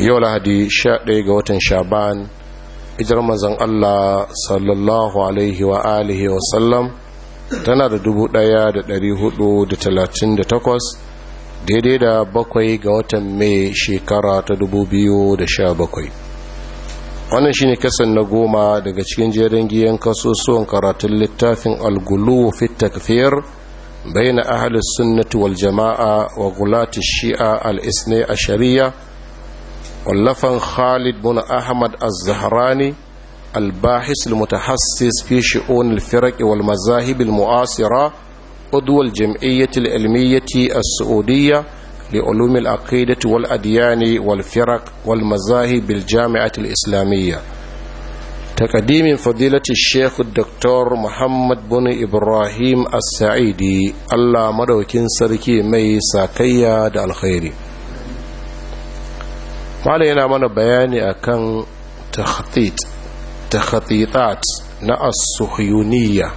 yau lahadi ɗaya ga watan shaban ijar mazan Allah sallallahu alaihi wa alihi wa sallam tana da da talatin 1438 daidai da bakwai ga watan mai shekara ta dubu biyu da sha bakwai. wannan shine kasan na goma daga cikin jerin giyan kasusuwan karatun littafin algulu fit takfir bayan sunnati wal jama'a wa gulati shi'a al a shari'a wallafan khalid bin ahmad az-zahrani الباحث المتحسس في شؤون الفرق والمذاهب المعاصرة عضو الجمعية العلمية السعودية لعلوم العقيدة والأديان والفرق والمذاهب بالجامعة الإسلامية تقديم فضيلة الشيخ الدكتور محمد بن إبراهيم السعيدي الله مدوكين سركي مي ساكيا الخيري malam yana mana bayani akan takhtit na as-suhyuniyya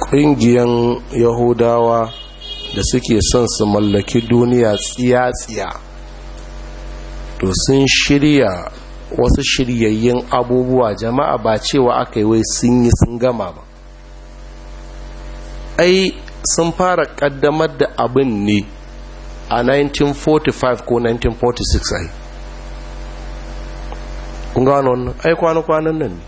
ƙungiyan yahudawa da suke son su mallaki duniya tsiya-tsiya to sun shirya wasu shiryayyen abubuwa jama'a ba cewa aka yi wai sun yi sun gama ba ai sun fara kaddamar da abin ne a 1945 ko 1946 ai kun gano wannan ai kwana-kwanan nan ne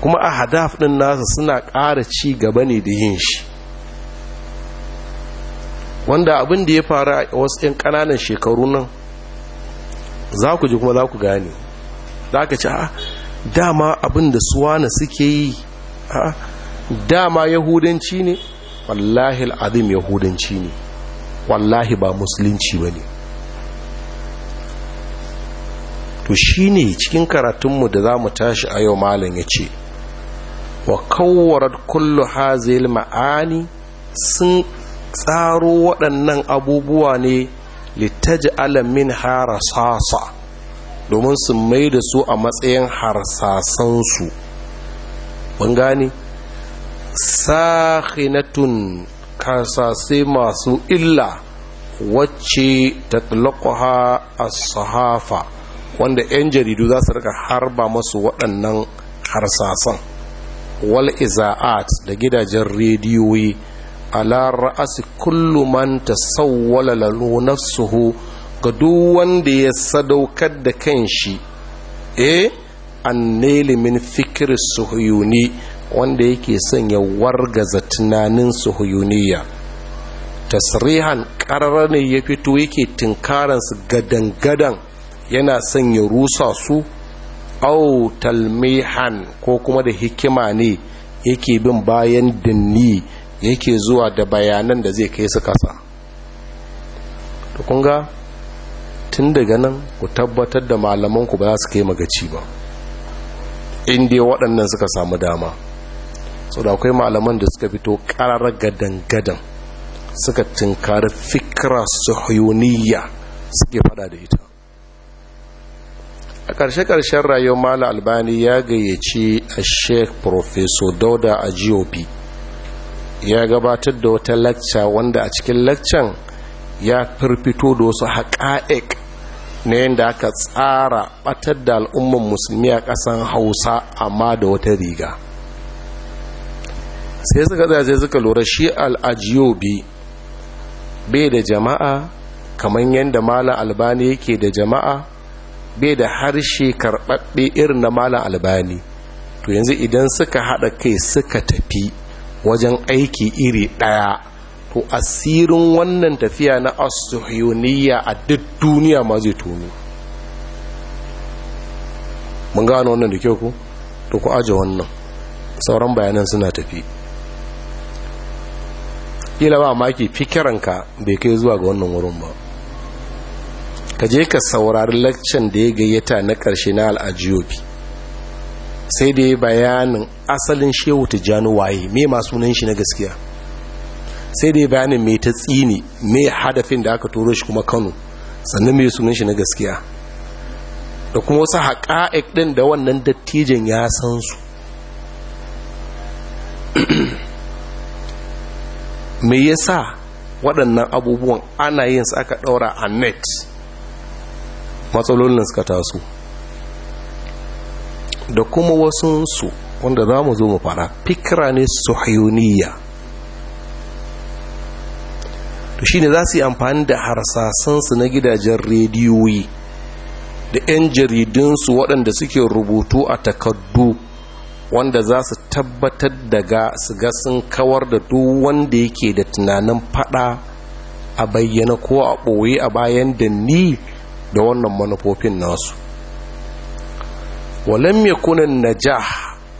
kuma a hadaf ɗin nasa suna ƙara ci gaba ne da yin shi wanda abin da ya faru a wasu 'yan ƙananan shekaru nan za ku ji kuma za ku gane za ka ci a dama abin da suwana suke yi a dama yahudanci ne wallahi al'adim yahudanci ne wallahi ba musulunci ba ne to shine cikin karatunmu da za mu tashi a yau malam ya ce wa kawwarar kullu hazil ma'ani sun tsaro waɗannan abubuwa ne littaji alamin harasasa domin su mai da su a matsayin harsasansu ban gane sahinatun kasase masu illa wacce ta a sahafa wanda 'yan jaridu za su rika harba masu waɗannan harsasan wal iza'at da gidajen rediyoyi ala ra'asi kullu man tasawwala lahu nafsuhu ga duk wanda ya sadaukar da kanshi eh anneli min fikir suhuyuni wanda yake son ya wargaza tunanin suhuyuniya tasrihan ƙarar ne ya fito yake tinkaransu gadan-gadan yana son ya rusa su au talmihan ko kuma da hikima ne yake bin bayan dinni yake zuwa da bayanan da zai kai su kasa to tun daga nan ku tabbatar da malamanku ba za su kai magaci ba inda waɗannan suka samu dama sau da akwai malaman da suka fito ƙarar gadan-gadan suka tunkari fikira suhuyuniya suke fada da ita a ƙarshe-ƙarshen rayuwar mala albani ya gayyaci a sheikh professor dauda a gop ya gabatar da wata lacca wanda a cikin laccan ya firfito da wasu haƙa'ik na yadda aka tsara ɓatar da al'ummar musulmi a ƙasan hausa amma da wata riga sai suka zaje suka lura shi al'ajiyobi bai da jama'a kamar yadda mala albani yake da jama'a bai da harshe karɓaɓɓe irin na malam albani to yanzu idan suka haɗa kai suka tafi wajen aiki iri ɗaya to asirin wannan tafiya na asuhiyoniya a duk duniya ma zai tono mun gano wannan da kyau ku to ku aje wannan sauran bayanan suna tafi ila ba maki fikiranka bai kai zuwa ga wannan wurin ba ka je ka saurari laccan da ya gayyata na ƙarshe na al'ajiyobi sai da ya bayanin asalin shehu tijjani waye mai masu shi na gaskiya sai da ya bayanin mai ta tsini mai hadafin da aka turo shi kuma kano sannan mai sunan shi na gaskiya da kuma wasu haƙa'ik ɗin da wannan dattijan ya san su me yasa waɗannan abubuwan ana yin su aka ɗaura a net matsalolin da suka taso da kuma su wanda za mu zo mu fara fikira ne su suhayuniya to ne za su yi amfani da harsasansu na gidajen rediyoyi da 'yan jaridunsu waɗanda suke rubutu a takardu wanda za su tabbatar daga su ga sun kawar da duk wanda yake da tunanin fada a bayyana ko a ɓoye a bayan da ni da wannan manufofin nasu walam yakunan najah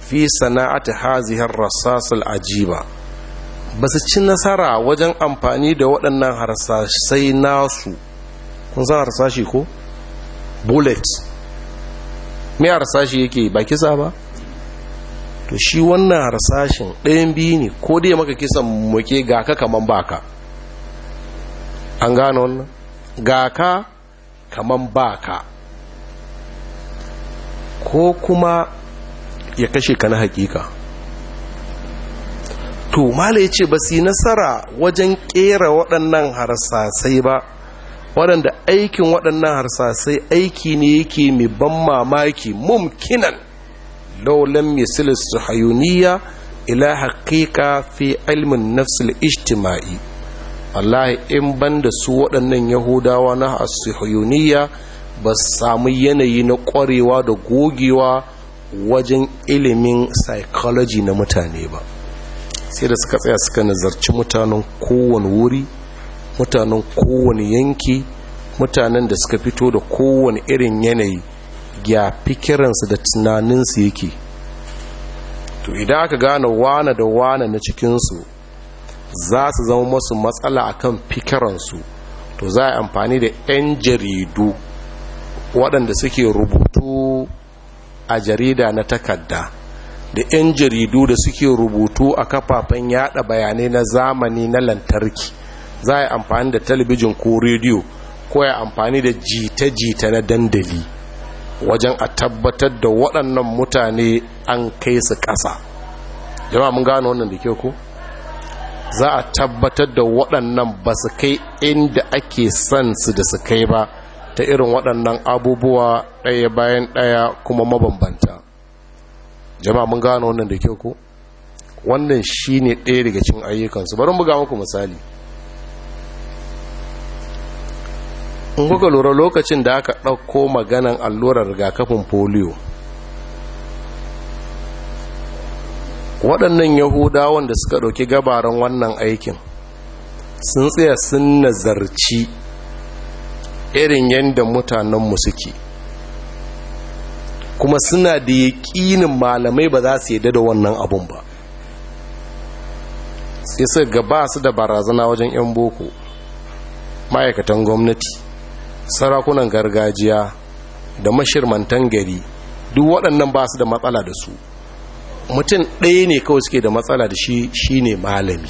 fi sana'ati hazihar rasas ajiba ba su ci nasara wajen amfani da waɗannan harsashai nasu kun san harsashi ko bullet me harsashi yake ba kisa ba to shi wannan harsashin ɗayan biyu ne ko dai maka kisan muke ga ka kaman baka an gane wannan ga ka kaman baka ko kuma ya kashe ka na hakika to mala ya ce ba su yi nasara wajen kera waɗannan harsasai ba waɗanda aikin waɗannan harsasai aiki ne yake mai ban mamaki mumkinan laulan misilis su hayuniya ila haƙiƙa fi ilmin nafsul ijtima'i wallahi in ban da su waɗannan yahudawa na asihiyoniya ba samu yanayi na ƙwarewa da gogewa wajen ilimin psychology na mutane ba sai da suka tsaya suka nazarci mutanen kowane wuri mutanen kowane yanki mutanen da suka fito da kowane irin yanayi ya fikiransu da tunaninsu yake to idan aka gane wane da wane na cikinsu za su zama masu matsala akan fikiransu to za a amfani da 'yan jaridu waɗanda suke rubutu a jarida na takarda da 'yan jaridu da suke rubutu a kafafen yada bayanai na zamani na lantarki za a amfani da talabijin ko rediyo ko ya amfani da jita-jita na dandali wajen a tabbatar da waɗannan mutane an kai su ƙasa jama'a mun gano wannan da ke ku? za a tabbatar da waɗannan ba su kai inda ake son su da su kai ba ta irin waɗannan abubuwa ɗaya bayan ɗaya kuma mabambanta jama'a mun gano wannan da kyau ko wannan shi ne ɗaya daga cin ayyukansu bari buga muku misali in kuka lura lokacin da aka ɗauko maganan allurar rigakafin polio waɗannan yahudawan da suka ɗauki gabaran wannan aikin sun tsaya sun nazarci irin yadda mutanenmu suke kuma suna da yaƙinin malamai ba za su yadda da wannan abun ba sai su ba su da barazana wajen 'yan boko ma'aikatan gwamnati sarakunan gargajiya da mashirmantan gari duk waɗannan ba su da matsala da su mutum ɗaya ne kawai suke da matsala da shi shine malami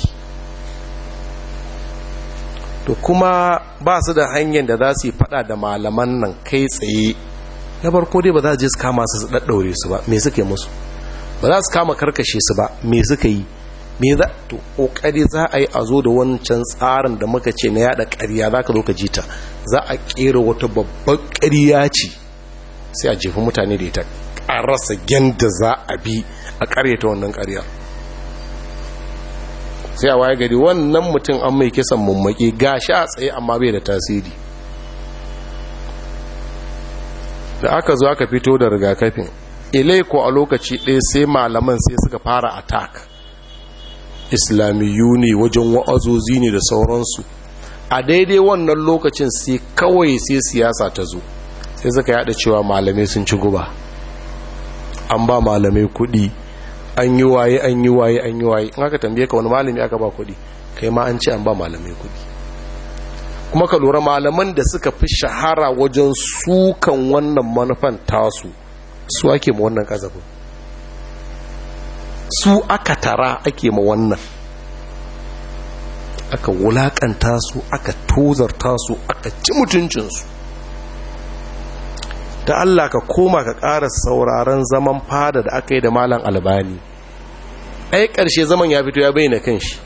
to kuma ba su da hanyar da za su yi fada da malaman nan kai tsaye na barko dai ba za su kama su ɗaɗɗaure su ba me suka yi musu ba za su kama karkashe su ba me suka yi me za to ƙoƙari za a yi a zo da wancan tsarin da muka ce na yaɗa ƙarya za ka zo ka jita za a ƙera wata babbar ƙarya ce sai a jefi mutane da ita a rasa gyanda za a bi a ta wannan karya sai a waye gari wannan mutum an mai kisan mummaki gashi a tsaye amma bai da tasiri da aka zo aka fito da rigakafin ilaiko a lokaci ɗaya sai malaman sai suka fara attack islamiyu ne wajen wa'azozi ne da sauransu a daidai wannan lokacin sai kawai sai siyasa ta zo sai suka yada cewa malamai sun ci guba an ba malamai kuɗi an yi waye an yi waye an yi waye in tambaye ka wani malami aka ba kuɗi kai ma an ce an ba malamai kuɗi kuma ka lura malaman da suka fi shahara wajen sukan wannan manufan tasu su ake ma wannan kazafin su aka tara ake ma wannan aka wulaƙanta su aka tozarta su aka ci mutuncinsu ta Allah ka koma ka ƙara sauraron zaman fada da aka yi da malam albani ai ƙarshe zaman ya fito ya bayyana kan shi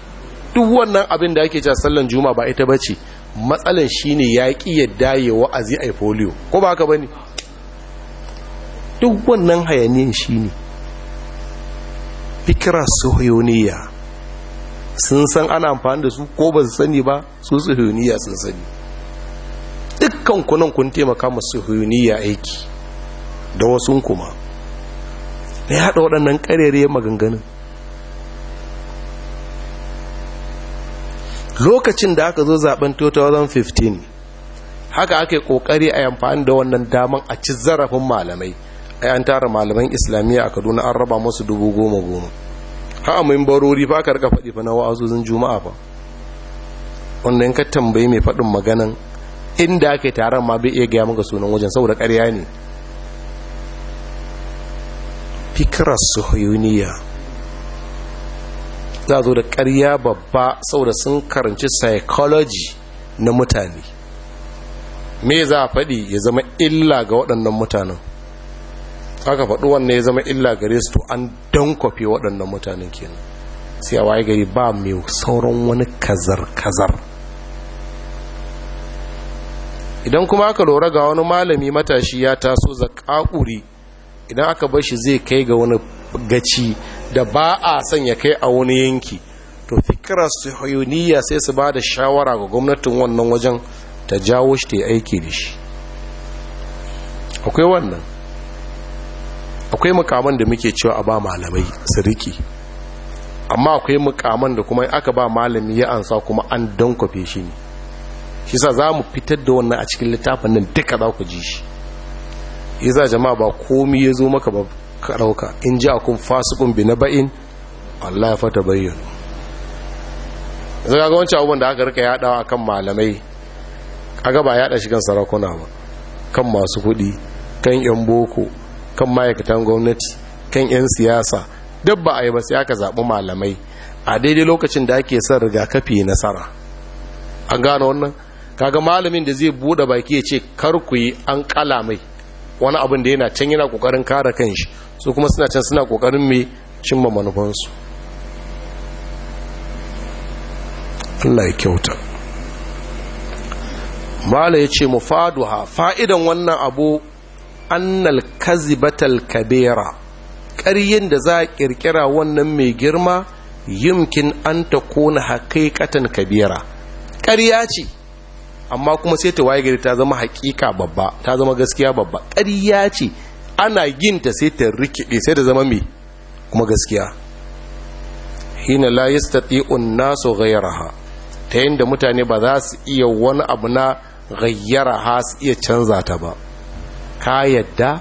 duk wannan abin da ake cewa sallan juma ba ita ba bace matsalan shine ya ki yadda ya wa'azi ai polio ko ba ka bani. duk wannan hayaniyan shine fikira suhuyoniya sun san ana amfani da su ko ba su sani ba su suhuyoniya sun sani dukkan kunan kun taimaka masu huniya aiki da wasu kuma na haɗa waɗannan ƙarere maganganun lokacin da aka zo zaben 2015 haka ake ƙoƙari a yamfani da wannan daman a ci zarafin malamai a yan tara malaman islamiyya a kaduna an raba masu dubu goma goma ha mai barori ba ka rika faɗi fa na wa'azuzin juma'a fa wanda in ka tambayi mai faɗin maganan inda aka taron ma bai iya gaya maka sunan wajen saboda ƙarya ne fikirar suhuyuniya za zo da karya babba saboda sun karanci psychology na mutane me za a faɗi ya zama illa ga waɗannan mutanen aka faɗi wannan ya zama illa gare su to an kwafi waɗannan mutanen kenan sai a waye gari ba mai sauran wani kazar-kazar idan kuma aka lura ga wani malami matashi ya taso zakakuri idan aka bar shi zai kai ga wani gaci da ba a son ya kai a wani yanki to fikirar suhuyuniya sai su ba da shawara ga gwamnatin wannan wajen ta jawo shi ta yi aiki da shi akwai wannan akwai mukaman da muke cewa a ba malamai su riki amma akwai mukaman da kuma aka ba malami ya ansa kuma an don kwafe shi ne shi sa za mu fitar da wannan a cikin littafin nan duka za ku ji shi iza jama'a ba komi ya zo maka ba ka in ji a kun fasikun bi na ba'in allah ya fata bayyana Zaka ga wancan abubuwan da aka rika yaɗawa kan malamai kaga ba yaɗa shi kan sarakuna ba kan masu kuɗi kan yan boko kan ma'aikatan gwamnati kan yan siyasa duk ba a ba sai aka zaɓi malamai a daidai lokacin da ake son rigakafi nasara an gano wannan kaga malamin da zai bude baki ya ce kar ku yi an kala mai wani abin da yana can yana kokarin kare kanshi su kuma suna can suna kokarin mai cimma manufansu Allah ya kyauta malai ya ce mufaduha fa'idan wannan abu annal kazibatal kabera ƙaryin da za a ƙirƙira wannan mai girma yimkin an ta kona haƙiƙatan kabera ƙarya ce amma kuma sai ta waye gari ta zama hakika babba ta zama gaskiya babba ƙarya ce ana ginta sai ta rikide sai ta zama mai kuma gaskiya hina la yastati'un nasu ghayraha ta yanda mutane ba za su iya wani abu na ha su iya canza ta ba ka yadda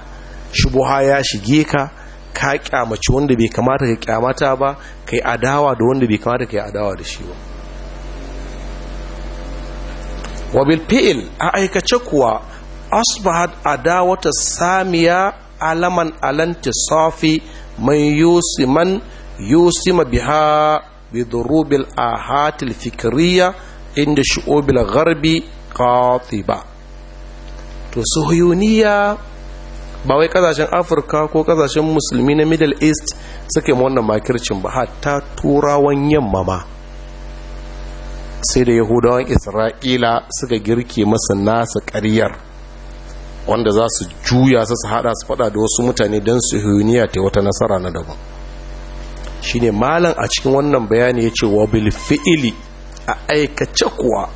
shubuha ya shige ka ka kyamaci wanda bai kamata ka kyamata ba kai adawa da wanda bai kamata kai adawa da shi ba wa bil fi'il a aikace kuwa asbahat adawata samiya alaman alanti safi man yusiman yusima biha bi durubil ahatil fikriya inda shu'ubil gharbi qatiba to suhuyuniya ba wai kasashen afirka ko kasashen musulmi na middle east suke wannan makircin ba hatta turawan yamma ma sai da yahudawan isra'ila suka girke masa nasa ƙaryar wanda za su juya su su hada su fada da wasu mutane don su huniya ta wata nasara na daban Shi ne malam a cikin wannan bayani ya ce wa fi'ili a aikace kuwa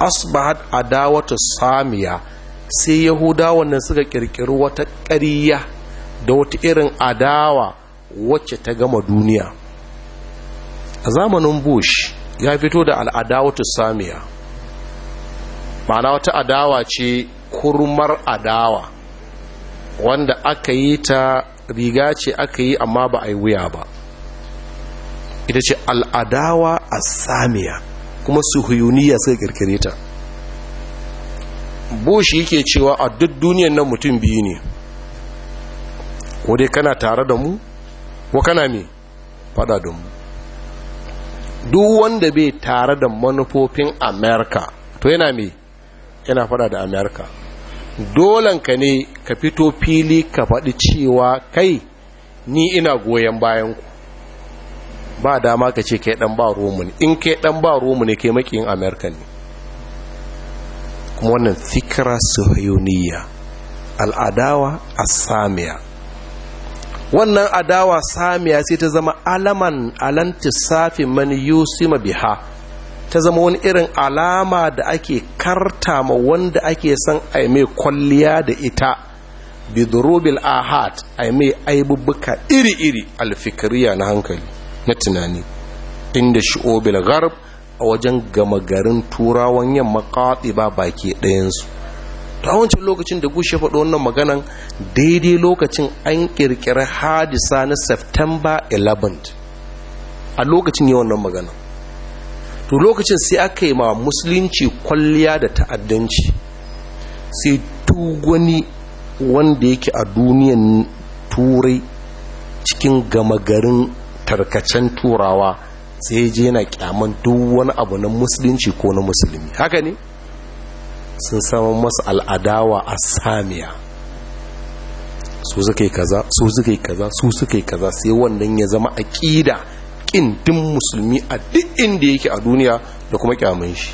asbahat adawatu samiya sai yahudawan nan suka kirkiri wata ƙarya da wata irin adawa wacce ta gama duniya a zamanin bush ya fito da al'adawatu samiya ma'ana wata adawa ce kurmar adawa wanda aka yi ta riga ce aka yi amma ba a yi wuya ba ita ce al'adawa a samiya kuma su suhuyuniya suka kirkire ta bush yake cewa a duk duniyan nan mutum biyu ne ko dai kana tare da mu ko kana me fada da mu duk wanda bai tare da manufofin amerika to yana mai yana fada da amerika dolanka ne ka fito fili ka faɗi cewa kai ni ina goyon bayan ku ba dama ka ce kai dan ba romu ne in kai dan ba romu ne kai makiyin amerika ne kuma wannan fikira suhayoniya al'adawa a asamiya wannan adawa samiya sai ta zama alaman alantisafi man yusima biha ta zama wani irin alama da ake karta ma wanda ake son aime kwalliya da ita bidrubil ahad aime aibubuka iri-iri alfikiriya na hankali na tunani inda shi'obil garb a wajen gama garin turawan yamma ba baki ɗayansu to lokacin da gushe faɗo wannan maganan daidai lokacin an ƙirƙiri hadisa na september 11 a lokacin yi wannan maganan to lokacin sai aka yi ma musulunci kwalliya da ta'addanci sai wani wanda yake a duniyan turai cikin gama garin tarkacen turawa sai je yana kyaman duk wani abu na musulunci ko na musulmi haka ne sun samu masu al'adawa a samiya su suka yi kaza su suka yi kaza su suka yi kaza sai wannan ya zama aƙida ƙin din musulmi a duk inda yake a duniya da kuma kyamun shi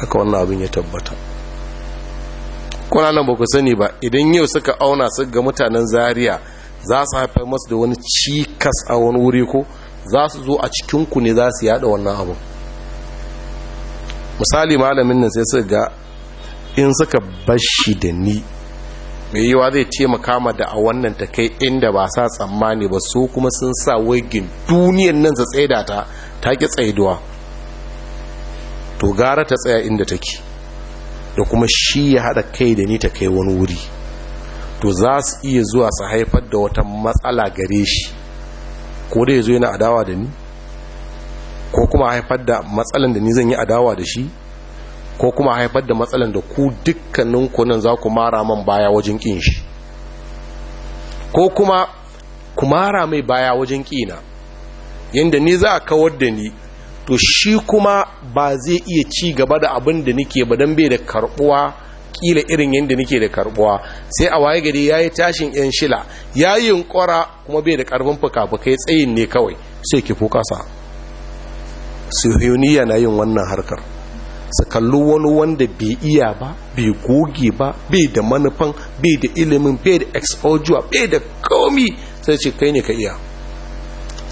haka wannan abin ya tabbata kuna nan ba ku sani ba idan yau suka auna su ga mutanen zaria za su haifar masu da wani cikas a wani wuri ko za su zo a cikinku ne za su yada wannan abin misali malamin nan sai suka ga in suka bashi da ni mai yiwa zai taimaka ma da a wannan ta kai inda ba sa tsammani ba su kuma sun sa wagin duniyan nan su tsaida ta ta ki tsaiduwa to gara ta tsaya inda take da kuma shi ya haɗa kai da ni ta kai wani wuri to za su iya zuwa su haifar da wata matsala gare shi ko dai zo yana adawa da ni ko kuma haifar da matsalan da ni zan yi adawa da shi ko kuma haifar da matsalan da ku dukkanin nan za ku mara man baya wajen kin shi ko kuma ku mara mai baya wajen kina yadda ni za a kawar da ni to shi kuma ba zai iya ci gaba da abin da nike ba don bai da karbuwa kila irin yadda nike da karbuwa sai a waye gari ya yi tashin yan shila ya yi kuma bai da karfin fuka tsayin ne kawai sai ki fuka sa sihiyoniya na yin wannan harkar su kalli wani wanda bai iya ba bai goge ba bai da manufan bai da ilimin bai da exposure bai da komi sai ce kai ne ka iya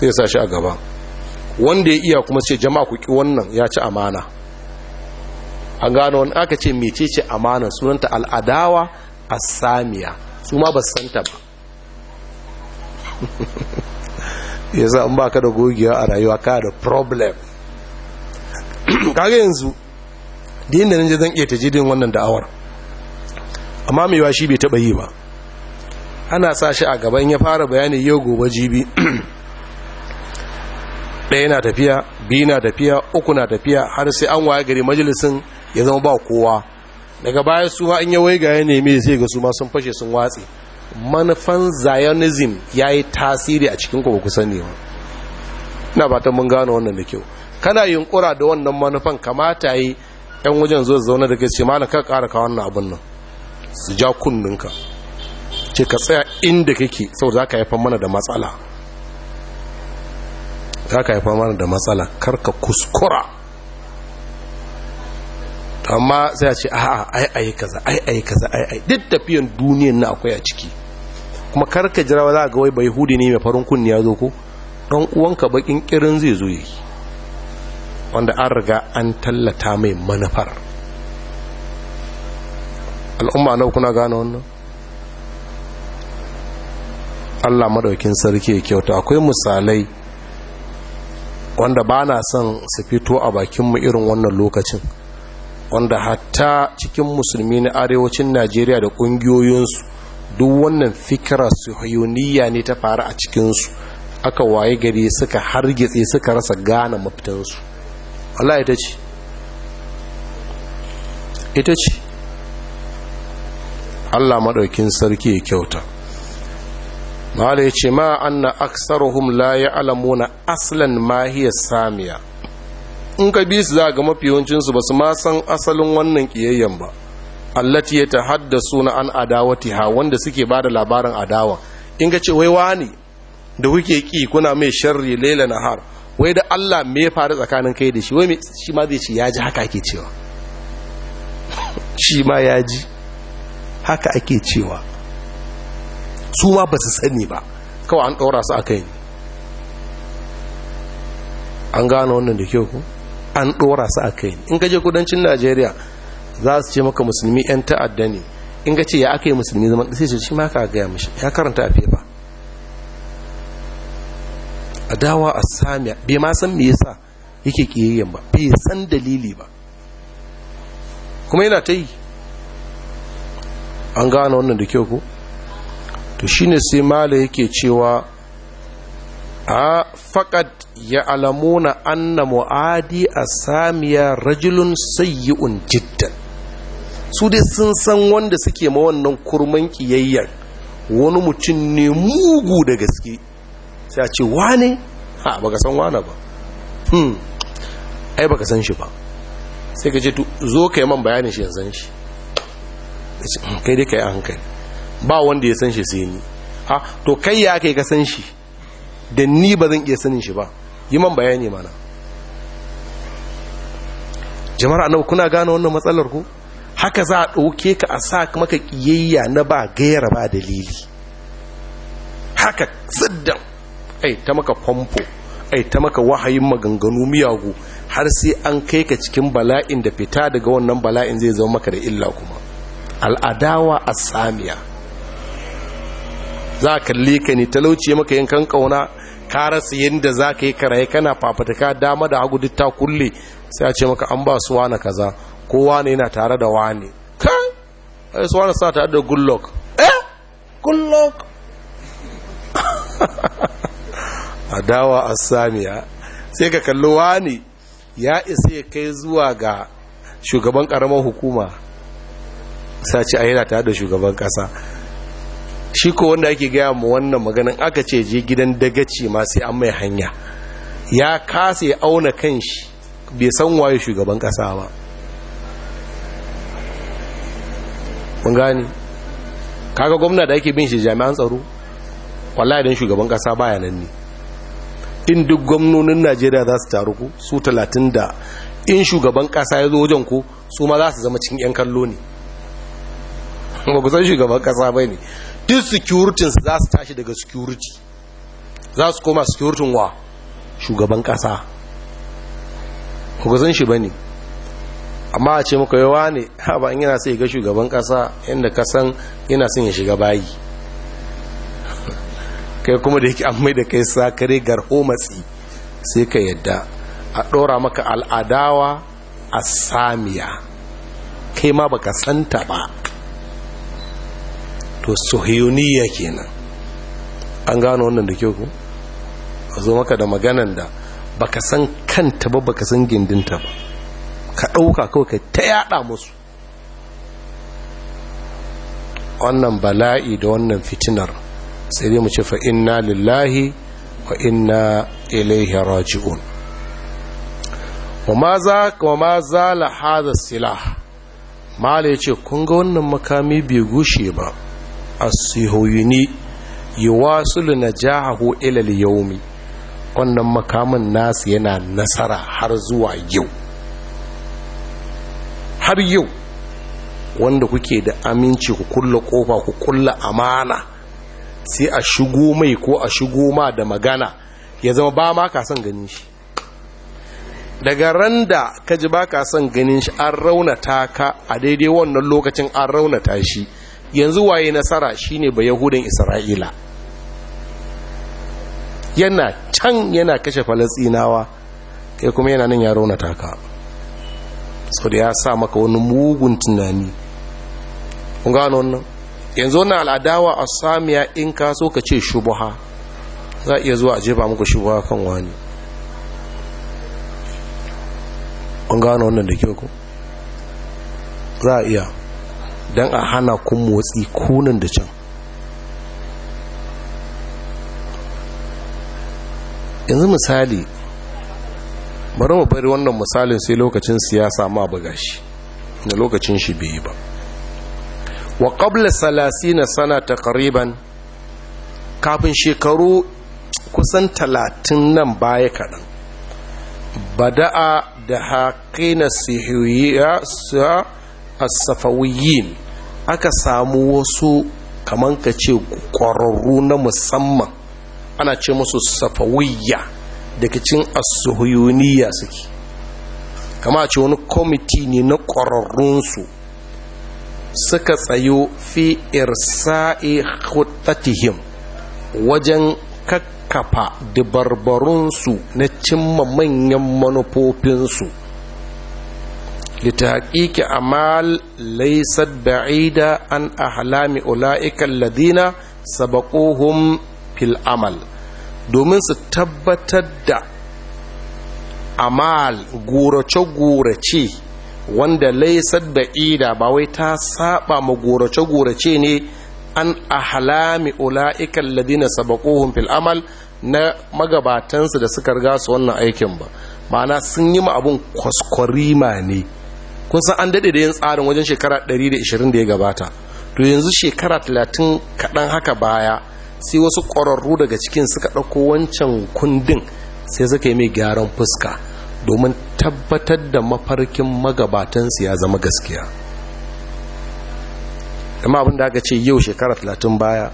sai sa shi a gaba wanda ya iya kuma ce jama'a ku ki wannan ya ci amana a gano wani aka ce ce amana sunanta al'adawa a samiya su ma ba santa ba ya sa in ba ka da gogewa a rayuwa ka da problem kaga yanzu da yin da nan zan iya tajidin wannan da'awar amma mai shi bai taɓa yi ba ana sa shi a gaban ya fara bayani yau gobe jibi ɗaya na tafiya biyu na tafiya uku na tafiya har sai an waye gari majalisin ya zama ba kowa daga baya su ma in wai ga ya neme sai ga su ma sun fashe sun watsi. manufan zionism ya yi tasiri a cikin ku kusan nema. na ba ina mun gano wannan da kyau kana yunkura da wannan manufan kamata yi yan wajen zo zaune da ce malam ka ƙara ka wannan abin nan su ja kunninka ce ka tsaya inda kake saboda za ka haifar mana da matsala za ka haifar mana da matsala kar ka kuskura amma sai a ce a'a ai ai kaza ai ai kaza ai ai duk tafiyan duniyan na akwai a ciki kuma kar ka jira za ga wai bai hudi ne mai farin kunni ya zo ko dan uwanka bakin kirin zai zo yi wanda an riga an tallata mai manufar al'umma na kuna gane wannan allah maɗaukin sarki ya kyauta akwai misalai wanda ba na son su fito a bakinmu irin wannan lokacin wanda hatta cikin musulmi na arewacin najeriya da ƙungiyoyinsu duk wannan fikira su ne ta faru a cikinsu aka waye gari suka hargitse suka rasa gane mafitansu Allah ita ce ita ce Allah maɗaukin sarki ya kyauta mahala ya ce ma anna aksaruhum la alamuna aslan mahiya samiya in ka bi su za ga mafi yawancinsu ba su ma san asalin wannan kiyayyen ba allati ya haddasa na an ha wanda suke bada labarin adawa in ka ce wai wani da kuke ƙi kuna mai sharri laila har. wai da Allah me ya faru tsakanin kai da shi wai shi ma zai ce ya ji haka ake cewa shi ma ya ji haka ake cewa su ma ba su sani ba kawai an ɗora su aka yi an gano wannan da kyau ku an ɗora su aka yi in gaje kudancin najeriya za su ce maka musulmi 'yan ta'adda ne in ga ce ya aka yi musulmi zama sai ce shi ma ka gaya mashi ya karanta a fefa Dawa a samiya bai ma san me yasa yake kiyayyen ba bai san dalili ba kuma yana ta yi an gane wannan da kyau ko to shine sai mala yake cewa a faƙad ya alamuna anna mu'adi a samiya rajulun sayyi'un jiddan su dai sun san wanda suke ma wannan kurman kiyayyar wani mutum ne mugu da gaske sai a ce wane ba ka san wane ba hmm ai ka san shi ba sai ka ce zo ka yi man bayanin shi yanzu shi hmm, kai dai ka yi hankali ba wanda ya san shi sai ni ha to kai ya kai ka san shi da ni ba zan iya sanin shi ba yi man bayani mana jama'ar annabi kuna gane wannan matsalar ku haka za a ɗauke ka a sa maka ƙiyayya na ba gayar ba dalili haka siddan ai ta maka famfo ai ta maka wahayin maganganu miyagu har sai an kai ka cikin bala'in da fita daga wannan bala'in zai zama maka da illa kuma al'adawa asamiya za a lika ka ne talauci maka yankan kauna ka rasa yadda za ka yi karaye kana fafataka dama da hagu ta kulle sai a ce maka an ba su wane kaza ko wane yana tare da wane kai ai su wane sa da gullok eh gullok adawa assamiya sai ka kalli wani ya isa ya kai zuwa ga shugaban karamar hukuma sace a yana tare da shugaban kasa shi ko wanda ake gaya mu wannan maganin aka ce je gidan dagaci ma sai an mai hanya ya kasa ya auna kan shi bai san waye shugaban kasa ba mun gani kaga gwamna da ake bin shi jami'an tsaro wallahi dan shugaban kasa baya nan ne in duk gwamnonin najeriya za su taru ku su talatin da in shugaban kasa ya zo wajen ku su ma za su zama cikin 'yan kallo ne ba ku san shugaban kasa bai ne duk security za su tashi daga security za su koma security wa shugaban kasa ba ku san shi ba ne amma a ce muka yawa ne haɓa yana sai ga shugaban kasa inda kasan yana son ya shiga bayi kai kuma da yake an da kai sakare garho matsi sai ka yadda a ɗora maka al'adawa a samiya kai ma baka santa ba to suhiyuniya kenan an gano wannan da kyau ku a zo maka da maganan da baka san kanta ba baka san gindinta ba ka ɗauka kawai ka ta yaɗa musu wannan bala'i da wannan fitinar sai dai mu ce fa inna lillahi wa inna ilaihi raji'un wa ma za kuma zala hada silah mala yace kun ga wannan makami bai gushe ba as-sihuyni yuwasilu najahu ila al-yawmi wannan makamin nasu yana nasara har zuwa yau har yau wanda kuke da aminci ku kulla kofa ku kulla amana sai a shigo mai ko a shigo ma da magana ya zama ba ma ka son ganin shi daga ran da ka ji ba ka son ganin shi an raunata ka a daidai wannan lokacin an raunata shi yanzu waye nasara shi ne ba yahudan isra'ila yana can yana kashe falasinawa kai kuma yana nan ya raunata ka sau da ya sa maka wani mugun tunani kun gano yanzu wannan al'adawa a samiya in ka so ka ce shubuha za iya zuwa a jefa muku shubuha kan wani kun gano wannan da kyau ku za a iya don a hana kun motsi kunan da can yanzu misali bari mu bari wannan misalin sai lokacin siyasa ma buga shi da lokacin shi bai yi ba wa qabla salasina sana taqriban kafin shekaru kusan talatin nan baya kaɗan bada'a da na sihiyya a safawiyyin aka samu wasu kaman ka ce ƙwararru na musamman ana ce musu safawiyya daga cin asuhuyoniya suke kama ce wani kwamiti ne na ƙwararrunsu suka tsayo fi irsa'i khuttatihim wajen kakkafa dabarbarunsu na cimma manyan manufofinsu litaƙiƙi amal laisar ba'ida an ahlami ula'ikan ladina sabaƙohun fil amal domin su tabbatar da amal gurace-gurace wanda laisar da ida ba wai ta saba ma gorace-gorace ne an ahalami ula'ikan ladina sabakohun fil amal na magabatansu da suka riga su wannan aikin ba ma'ana sun yi ma abun kwaskwarima ne kun san an daɗe da yin tsarin wajen shekara 120 da ya gabata to yanzu shekara 30 kaɗan haka baya sai wasu ƙwararru daga cikin suka ɗauko wancan kundin sai suka yi mai gyaran fuska domin tabbatar da mafarkin magabatansu ya zama gaskiya amma abin da aka ce yau shekara talatin baya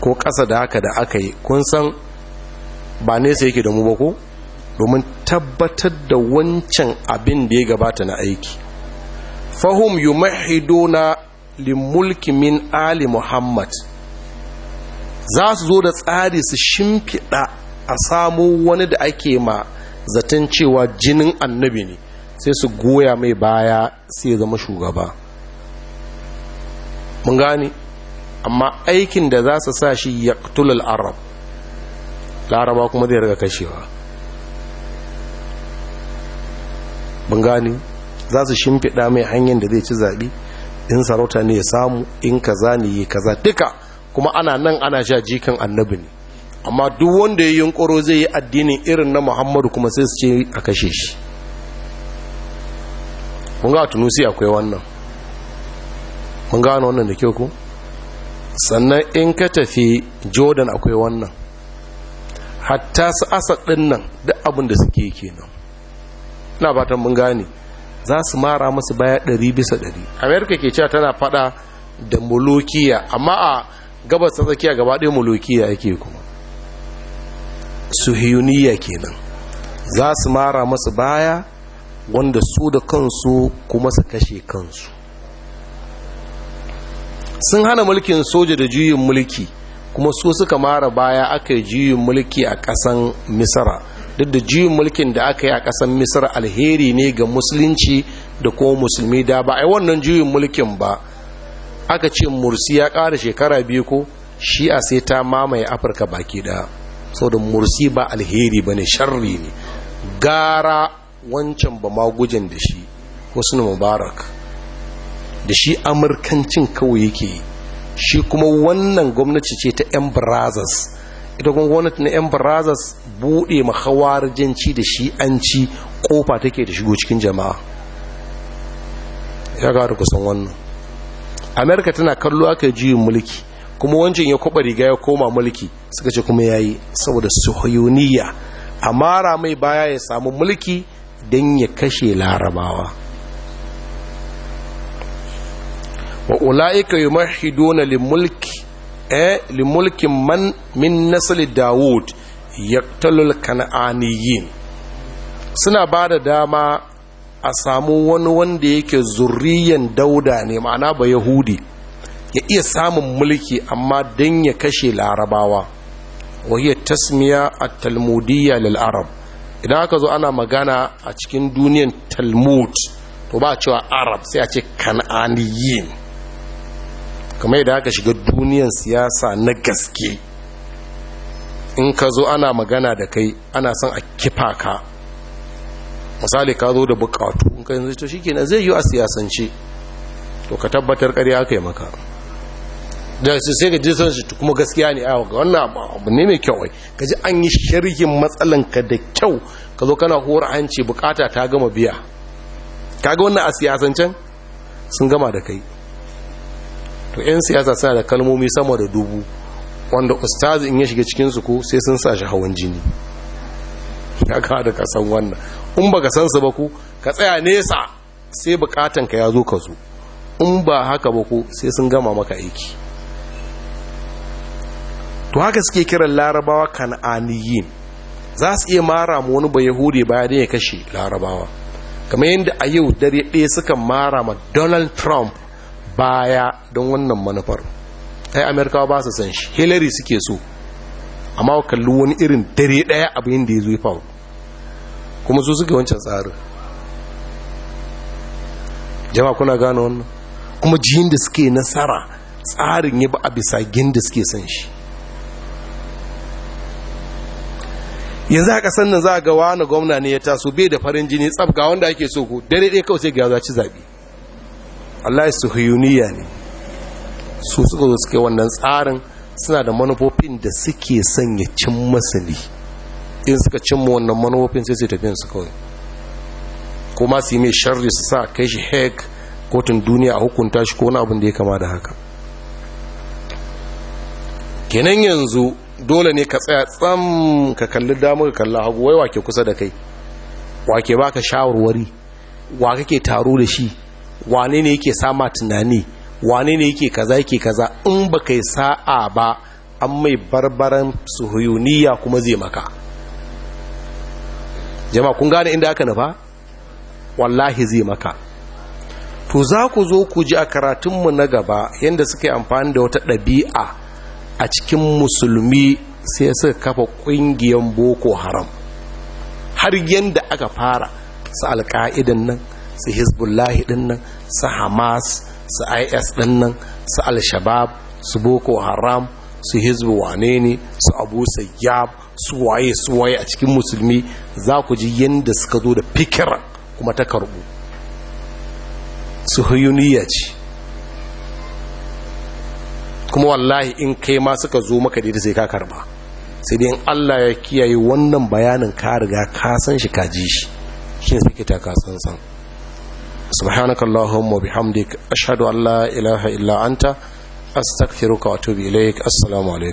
ko ƙasa da haka da aka yi kun san ba nesa yake da mu ba ko domin tabbatar da wancan abin da ya gabata na aiki fahim yi mahidona limulki min ali muhammad za su zo da tsari su shimfiɗa a samu wani da ake ma zaton cewa jinin annabi ne sai su goya mai baya sai zama shugaba mun gane amma aikin da za su sa shi ya arab laraba kuma zai riga kashewa mun gane za su shimfiɗa mai hanyar da zai ci zaɓi in sarauta ne ya samu in kaza ne ya kaza duka kuma ana nan ana sha jikin annabi ne amma duk wanda ya yunkuro zai yi addinin irin na muhammadu kuma sai su ce a kashe shi mun ga tunusi akwai wannan mun gano wannan da kyau ku sannan in ka tafi jordan akwai wannan hatta su asad din nan duk abin da suke kenan na batan mun gane za su mara masu baya ɗari bisa ɗari amerika ke cewa tana fada da molokiya amma a gabas ta tsakiya gaba ɗaya mulukiya yake kuma suhiyuniya kenan za su mara masu baya wanda su da kansu kuma su kashe kansu sun hana mulkin soja da juyin mulki kuma su suka mara baya aka yi juyin mulki a ƙasan misra duk da juyin mulkin da aka yi a ƙasan misra alheri ne ga musulunci da kuma musulmi da ba a yi wannan juyin mulkin ba aka ce mursi ya ƙara shekara biyu ko shi'a sai ta mamaye afirka baki ɗaya saboda mursi ba alheri ba ne sharri ne gara wancan ba magujin da shi wasu mubarak da shi amurkancin kawai yake yi shi kuma wannan gwamnati ce ta 'yan brazas ita kuma gwamnati na 'yan brazas buɗe janci da shi an ci kofa take da shigo cikin jama'a ya gada kusan wannan amerika tana kallo aka yi juyin mulki kuma wancan ya kwaba riga ya koma mulki suka ce kuma ya yi saboda suhuyuniya a mara mai baya ya samu mulki don ya kashe larabawa wa ula'ika yi mahidona limulkin eh, man min nasali dawud ya talul kana'aniyin suna ba da dama a samu wani wanda yake zurriyan dauda ne ma'ana ba yahudi ya iya samun mulki amma don ya kashe larabawa wahiyar tasmiya a talmudiyya lil arab idan aka zo ana magana a cikin duniyan talmud to ba cewa arab sai a ce kan'aniyin kamar idan aka shiga duniyan siyasa na gaske in ka zo ana magana da kai ana son a kifa ka misali ka zo da bukatu in ka yanzu to shi kenan zai yi a siyasance to ka tabbatar karya aka yi maka da su sai ga jisan shi kuma gaskiya ne awa ga wannan abu ne mai kyau ka ji an yi sharhin matsalanka da kyau ka zo kana hura hanci bukata ta gama biya ka ga wannan a siyasancen sun gama da kai to 'yan siyasa suna da kalmomi sama da dubu wanda ustazi in ya shiga cikinsu ko sai sun sa shi hawan jini ya ka da kasan wannan in ba ka san su ba ku ka tsaya nesa sai bukatanka ya zo ka zo in ba haka ba ku sai sun gama maka aiki to haka suke kiran larabawa kan'aniyin za su iya mara ma wani yahudi bayan ya kashe larabawa kamar yadda a yau dare ɗaya suka mara ma donald trump baya don wannan manufar ai amerikawa ba su san hillary suke so amma kalli wani irin dare ɗaya abu da ya zo ya faru kuma su suke wancan tsarin jama kuna gano wannan kuma jiyin da suke nasara tsarin ya ba a bisa gin da suke san shi yanzu haka sannan za a ga wani gwamna ne ya taso bai da farin jini tsab ga wanda ake so ku dare ɗaya kawai sai ga za ci zaɓe Allah su hiyuniya ne su suka zo suke wannan tsarin suna da manufofin da suke sanya cin masani. ne in suka cimma wannan manufofin sai sai tafiyan su kawai kuma su yi mai sharri su sa kai shi hek kotun duniya a hukunta shi ko wani abin da ya kama da haka kenan yanzu dole ne ka tsaya tsam ka kalli damu ka kalli hagu wai wake kusa da kai wake baka shawarwari wa kake taro da shi wane ne yake sama tunani wane ne yake kaza yake kaza in ba kai sa'a ba an mai barbaran suhuyuniya kuma zai maka jama'a kun gane inda aka nufa wallahi zai maka to za ku zo ku ji a karatunmu na gaba yadda suka yi amfani da wata ɗabi'a a cikin musulmi sai suka kafa ƙungiyar boko haram har yadda aka fara su alka'idan nan su hezbollahi din nan su hamas su is din nan su al-shabab su boko haram su hezbo wane ne su abu sayyab su waye su waye a cikin musulmi za ku ji yadda suka zo da fikira kuma ta karbu su ce kuma wallahi in kai ma suka zo maka da sai ka karba sai dai Allah ya kiyaye wannan bayanin ka riga ka san shi ka ji shi shine suke ta ka san san subhanaka allahumma bihamdik ashhadu an la ilaha illa anta astaghfiruka wa atubu ilaik assalamu alaikum